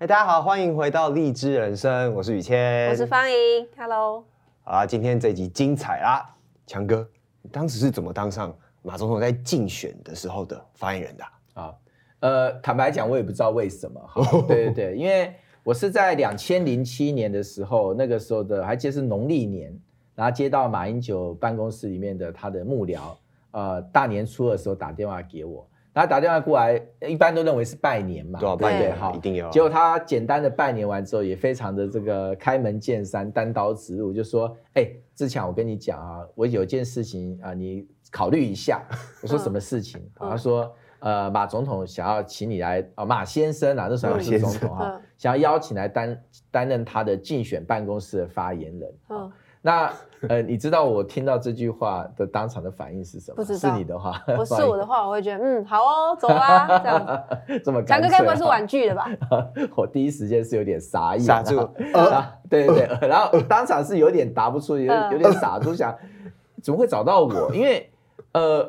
哎、hey，大家好，歡迎回到荔枝人生，我是宇謙，我是方怡，Hello。好啦，今天這集精彩啦！強哥，你當時是怎麼當上馬總統在競選的時候的發言人的啊？啊，呃，坦白講，我也不知道為什麼。 對對對，因為我是在兩千零七年的時候，那個時候的還接是農曆年，然後接到馬英九辦公室裡面的他的幕僚，呃，大年初二的時候打電話給我。他打電話過來，一般都認為是拜年嘛，對、哦、拜年對？哈，一定有、哦。結果他簡單的拜年完之後，也非常的這個開門見山、嗯、單刀直入，就說：“哎，志強，我跟你講啊，我有件事情啊，你考慮一下。”我說：“什麼事情、嗯啊？”他說：“呃，馬總統想要請你來，哦、馬先生啊，那時候是總統啊馬先生，想要邀請來擔擔任他的競選辦公室的發言人。嗯” 那呃，你知道我聽到這句話的當場的反應是什麼？不是你的話，不是我的話，我會覺得 嗯，好哦，走吧、啊， 這樣。這麼講、啊，強哥該不會是婉拒的吧？我第一時間是有點傻眼，傻住、啊啊、對對對、啊，然後當場是有點答不出，有有點傻就、啊、想怎麼會找到我？因為呃，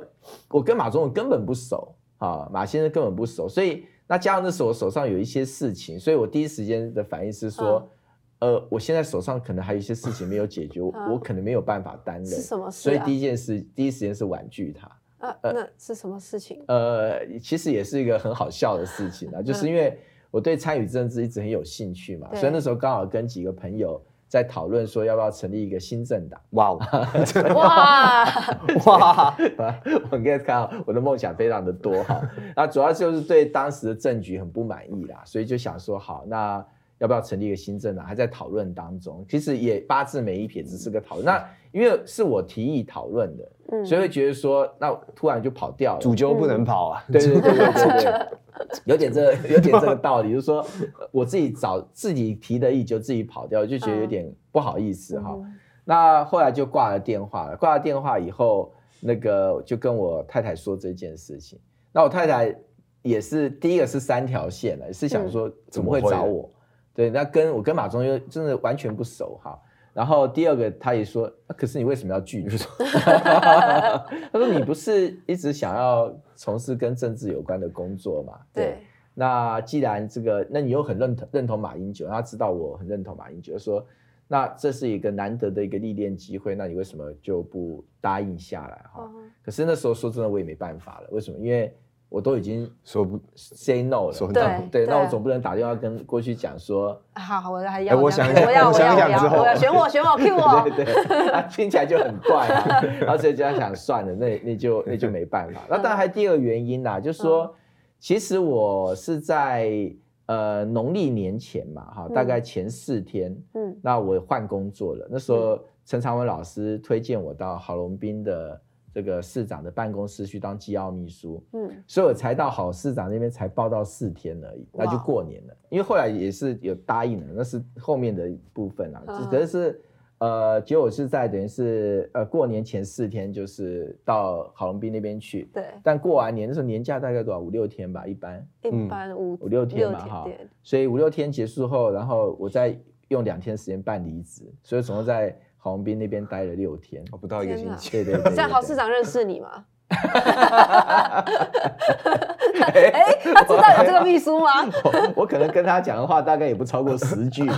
我跟馬總我根本不熟啊，馬先生根本不熟，所以那加上那時候我手上有一些事情，所以我第一時間的反應是說。啊呃，我現在手上可能還有一些事情沒有解決，啊、我可能沒有辦法擔任。是什麼事啊？所以第一件事，第一時間是婉拒他。啊，那是什麼事情？呃，其實也是一個很好笑的事情啊、嗯，就是因為我對參與政治一直很有興趣嘛，所以那時候剛好跟幾個朋友在討論說，要不要成立一個新政黨。哇哇哇！我跟你看看，我的夢想非常的多哈， 那主要就是對當時的政局很不滿意啦，okay. 所以就想說好，好那。要不要成立一個新政黨？還在討論當中。其實也八字沒一撇，只是個討論、嗯。那因為是我提議討論的、嗯，所以會覺得說，那突然就跑掉了。主揪不能跑啊、嗯！對對對對對， 有點這個、有點這個道理， 就是說我自己找自己提的意，就自己跑掉，就覺得有點不好意思哈、嗯。那後來就掛了電話了。掛了電話以後，那個就跟我太太說這件事情。那我太太也是第一個是三條線了，是想說怎麼會找我？嗯對，那跟我跟馬中又真的完全不熟哈。然後第二個，他也說，啊，可是你為什麼要拒？說 他說你不是一直想要從事跟政治有關的工作嗎？對。那既然這個，那你又很認同認同馬英九，他知道我很認同馬英九，說那這是一個難得的一個歷練機會，那你為什麼就不答應下來哈，哦？可是那時候說真的，我也沒辦法了。為什麼？因為我都已經說不 say no 了，說對對，對，對，那我總不能打電話跟過去講說，好，我還要，我想，我要，我想我要我想，我要我想我要我要之後，我要選我， 選我，cue 我，對，對，對 啊，聽起來就很怪。啊，然後所以這樣想，算了，那那就那就沒辦法。 那當然還第二個原因啦。啊，就是說，嗯，其實我是在呃農曆年前嘛，哈，哦嗯，大概前四天，嗯，那我換工作了。嗯，那時候，嗯，陳長文老師推薦我到郝龍斌的。這個市長的辦公室去當機要秘書，嗯，所以我才到郝市長那邊才報到四天而已，那就過年了。因為後來也是有答應了，那是後面的部分啦，只、嗯、等是，是呃，結果我是在等於是呃過年前四天，就是到郝龍斌那邊去。對。但過完年的時候年假大概多少？五六天吧，一般。一般五五六天嘛哈，所以五六天結束後，然後我再用兩天時間辦離職，所以總共在。嗯郝龍斌那邊待了六天，哦、不到一個星期。對對對，對，對，對，對。像郝市長認識你嗎？他知道有這個秘書嗎？ 我？我可能跟他講的話大概也不超過十句。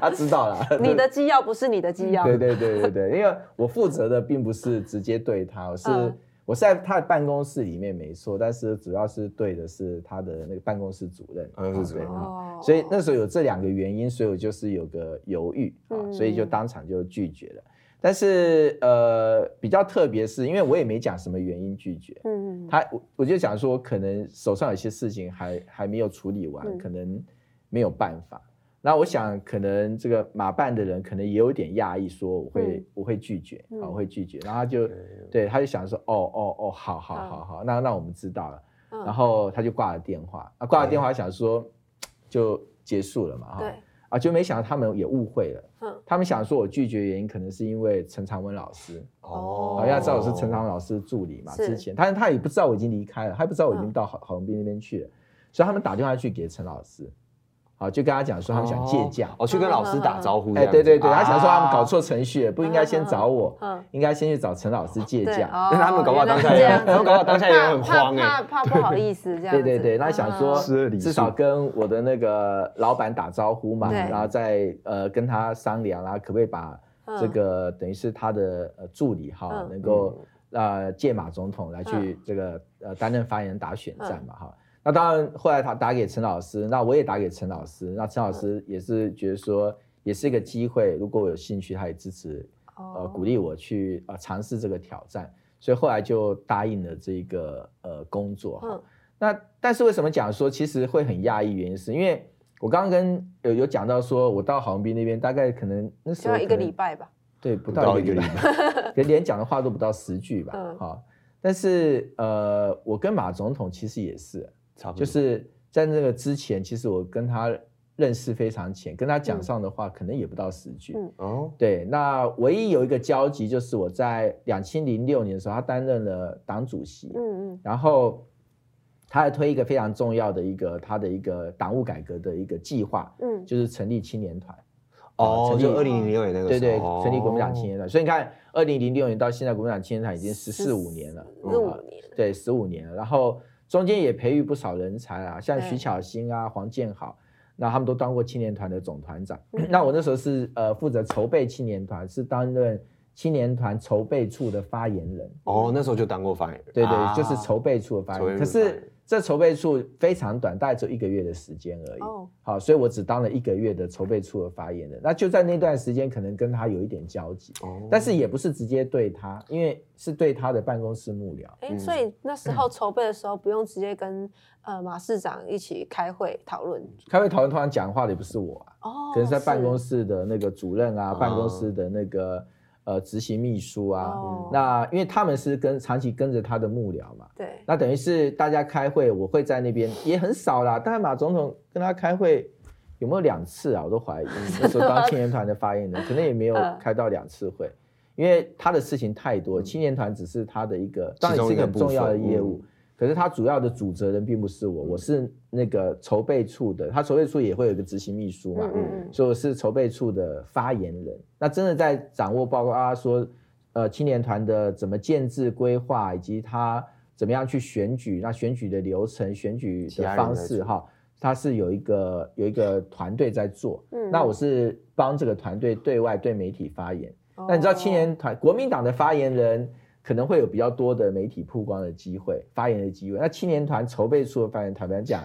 他知道了。你的機要不是你的機要、嗯。對對對對對，因為我負責的並不是直接對他，而是、嗯。我是在他的辦公室裡面沒錯，但是主要是對的是他的那個辦公室主任啊、嗯，對啊、嗯，所以那時候有這兩個原因，所以我就是有個猶豫、嗯啊、所以就當場就拒絕了。但是呃，比較特別是因為我也沒講什麼原因拒絕，嗯，他我我就講說可能手上有些事情還還沒有處理完、嗯，可能沒有辦法。那我想，可能這個馬辦的人可能也有點訝異，說我會、嗯、我會拒絕，啊、嗯，我會拒絕。然後他就、哎，對，他就想說，哦哦哦，好好好好、哦，那那我們知道了。然後他就掛了電話，啊，掛了電話想說，哎、就結束了嘛，哈。啊，就沒想到他們也誤會了，哦，啊他們誤會了哦、他們想說我拒絕的原因可能是因為陳長文老師，哦，大家知道我是陳長文老師助理嘛、哦，之前，但是他也不知道我已經離開了，他也不知道我已經到郝郝龍斌那邊去了、哦，所以他們打電話去給陳老師。啊、哦，就跟他講說他們想借駕我、哦哦、去跟老師打招呼。哎、嗯嗯嗯嗯，對對對、啊，他想說他們搞錯程序了，不應該先找我，嗯嗯、應該先去找陳老師借駕。那、哦、他們搞不好當下也，他們搞不好當下也很慌哎，怕怕，怕，怕不好意思這樣。對對對，他想說、嗯嗯、至少跟我的那個老闆打招呼嘛，嗯、然後再呃跟他商量啦、啊，可不可以把這個、嗯、等於是他的助理哈、嗯，能夠啊、呃、借馬總統來去這個、嗯、呃擔任發言人打選戰嘛哈。嗯嗯那當然，後來他打給陳老師，那我也打給陳老師，那陳老師也是覺得說，也是一個機會，如果我有興趣，他也支持，嗯呃、鼓勵我去啊、呃、嘗試這個挑戰，所以後來就答應了這個呃工作、嗯、那但是為什麼講說其實會很壓抑？原因是因為我剛剛跟有有講到說，我到橫濱那邊大概可能那是一個禮拜吧，對，不到一個禮拜，禮拜 可連講的話都不到十句吧，好、嗯哦，但是呃，我跟馬總統其實也是。差不多就是在那個之前，其實我跟他認識非常淺，跟他講上的話、嗯、可能也不到十句。哦、嗯，對，那唯一有一個交集就是我在兩千零六年的時候，他擔任了黨主席。嗯嗯，然後他還推一個非常重要的一個他的一個黨務改革的一個計劃，嗯，就是成立青年團。哦，成立就二零零六年那個時候，對對，對，成立國民黨青年團、哦。所以你看，二零零六年到現在，國民黨青年團已經十四五年了，15年了嗯、對，十五年了，然後。中間也培育不少人才啊，像徐巧芯啊、欸、黃健豪，那他們都當過青年團的總團長嗯嗯。那我那時候是呃負責籌備青年團，是擔任青年團籌備處的發言人。哦，那時候就當過發言人。對對，對、啊，就是籌備處的發言人。人言可是。這籌備處非常短，大概只有一個月的時間而已。好、oh. 哦，所以我只當了一個月的籌備處的發言人。那就在那段時間，可能跟他有一點交集，oh. 但是也不是直接對他，因為是對他的辦公室幕僚。欸、所以那時候籌備的時候，不用直接跟 呃馬市長一起開會討論，開會討論通常講話的也不是我啊，哦，可能是在辦公室的那個主任啊，辦公室的那個、oh. 嗯。呃，執行秘書啊、嗯，那因為他們是跟長期跟着他的幕僚嘛，對，那等於是大家開會，我會在那邊也很少啦。但馬總統跟他開會有沒有兩次啊？我都懷疑 那時候當青年團的發言人， 可能也沒有開到兩次會，因為他的事情太多，嗯、青年團只是他的一個，當然是一個很重要的業務。嗯可是他主要的主責人並不是我，我是那個籌備處的，他籌備處也會有一個執行秘書嘛，嗯嗯嗯，所以我是籌備處的發言人。那真的在掌握包括他說，呃，青年團的怎麼建制規劃，以及他怎麼樣去選舉，那選舉的流程、選舉的方式哈，他是有一個有一個團隊在做嗯嗯，那我是幫這個團隊對外對媒體發言。哦、那你知道青年團國民黨的發言人？可能會有比較多的媒體曝光的機會，發言的機會。那青年團籌備處的發言台，比如講，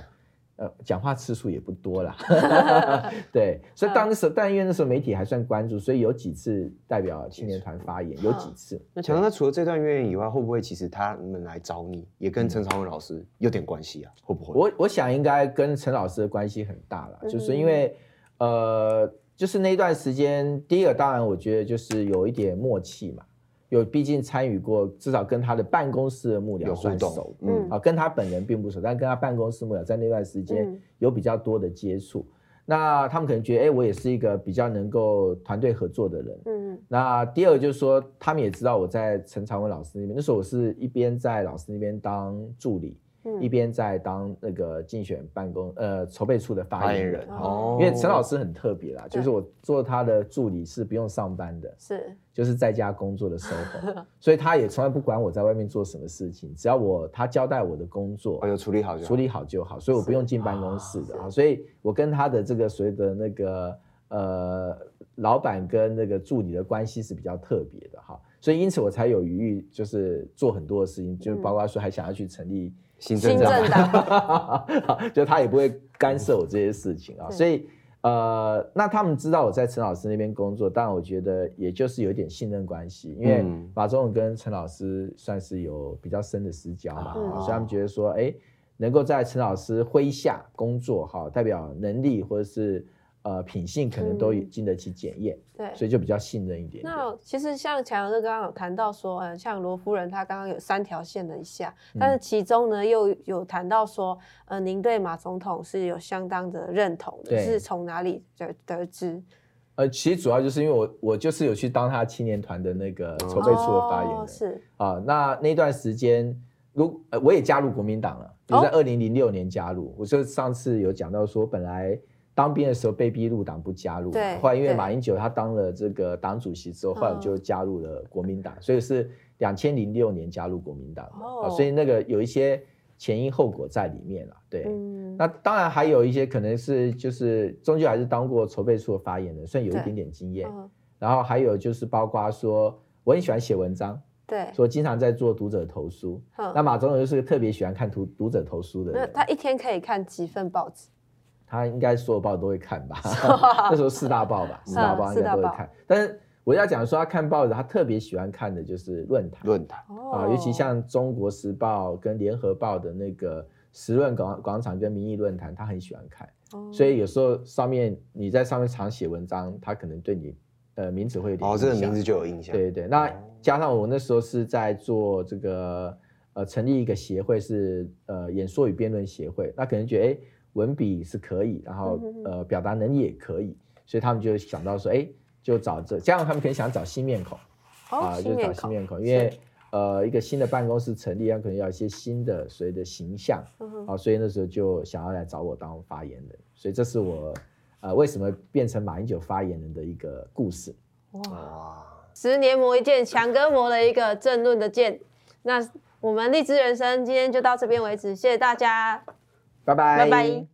呃，講話次數也不多啦。 對，所以當時 但因為那時候媒體還算關注，所以有幾次代表青年團發言，有幾次。那強哥，除了這段淵源以外，會不會其實他們來找你也跟陳長文老師有點關係啊？會不會？我我想應該跟陳老師的關係很大了，就是因為、嗯，呃，就是那段時間，第一個當然我覺得就是有一點默契嘛。有，畢竟參與過，至少跟他的辦公室的幕僚算熟。有，嗯，啊，跟他本人並不熟，但跟他辦公室幕僚在那段時間有比較多的接觸。嗯。那他們可能覺得，哎、欸，我也是一個比較能夠團隊合作的人，嗯。那第二就是說，他們也知道我在陳長文老師那邊，那時候我是一邊在老師那邊當助理。一邊在當那個競選辦公呃籌備處的發言人，哎哦、因為陳老師很特別啦、哦。就是我做他的助理是不用上班的，是就是在家工作的生活，所以他也從來不管我在外面做什麼事情，只要我他交代我的工作，有、哎、處理好就好處理好就好，所以我不用進辦公室的啊、哦，所以我跟他的這個所謂的那個呃老闆跟那個助理的關係是比較特別的哈，所以因此我才有餘裕就是做很多的事情，就是包括說還想要去成立、嗯。行政長官， 就他也不會干涉我這些事情啊， 所以呃，那他們知道我在陳老師那邊工作，但我覺得也就是有一點信任關係，因為馬總跟陳老師算是有比較深的私交嘛、嗯，所以他們覺得說，哎，能夠在陳老師麾下工作，哈，代表能力或者是。呃，品性可能都經得起檢驗、嗯，對，所以就比較信任一點。那其實像強哥剛剛有談到說，呃、像羅夫人她剛剛有三條線了一下、嗯，但是其中呢又有談到說、呃，您對馬總統是有相當的認同的，是從哪裡得得知？呃，其實主要就是因為我我就是有去當他青年團的那個籌備處的發言人，oh, 呃、是啊、呃，那那段時間如、呃、我也加入國民黨了，我在二零零六年加入。Oh. 我就上次有講到說，本來。當兵的時候被逼入黨，不加入對。後來因為馬英九他當了這個黨主席之後，後來就加入了國民黨、嗯，所以是兩千零六年加入國民黨哦、啊、所以那個有一些前因後果在裡面了。對、嗯，那當然還有一些可能是就是終究還是當過籌備處的發言人，所以有一點點經驗、嗯。然後還有就是包括說我很喜歡寫文章，對，說經常在做讀者投書。嗯、那馬總統就是特別喜歡看讀讀者投書的人。那他一天可以看幾份報紙？他應該所有報都會看吧？ 那時候四大報吧，啊、大報、四大報應該都會看。但是我要講說，他看報紙，他特別喜歡看的就是論壇論壇啊，尤其像《中國時報》跟《聯合報》的那個時論廣廣場跟民意論壇，他很喜歡看，哦。所以有時候上面你在上面常寫文章，他可能對你呃名字會有點哦，這個名字就有印象。對，對對，那加上我那時候是在做這個呃，成立一個協會是呃，演說與辯論協會，那可能覺得哎。欸文筆是可以，然後呃表達能力也可以，嗯、哼哼，所以他們就想到說，哎、欸，就找這，加上他們可能想找新面孔，啊、哦呃，就找新面孔，因為呃一個新的辦公室成立，然後可能要一些新的，所謂的形象、嗯呃，所以那時候就想要來找我當發言人，所以這是我呃為什麼變成馬英九發言人的一個故事。哇，啊、十年磨一劍，強哥磨了一個政論的劍。那我們荔枝人生今天就到這邊為止，謝謝大家。拜拜。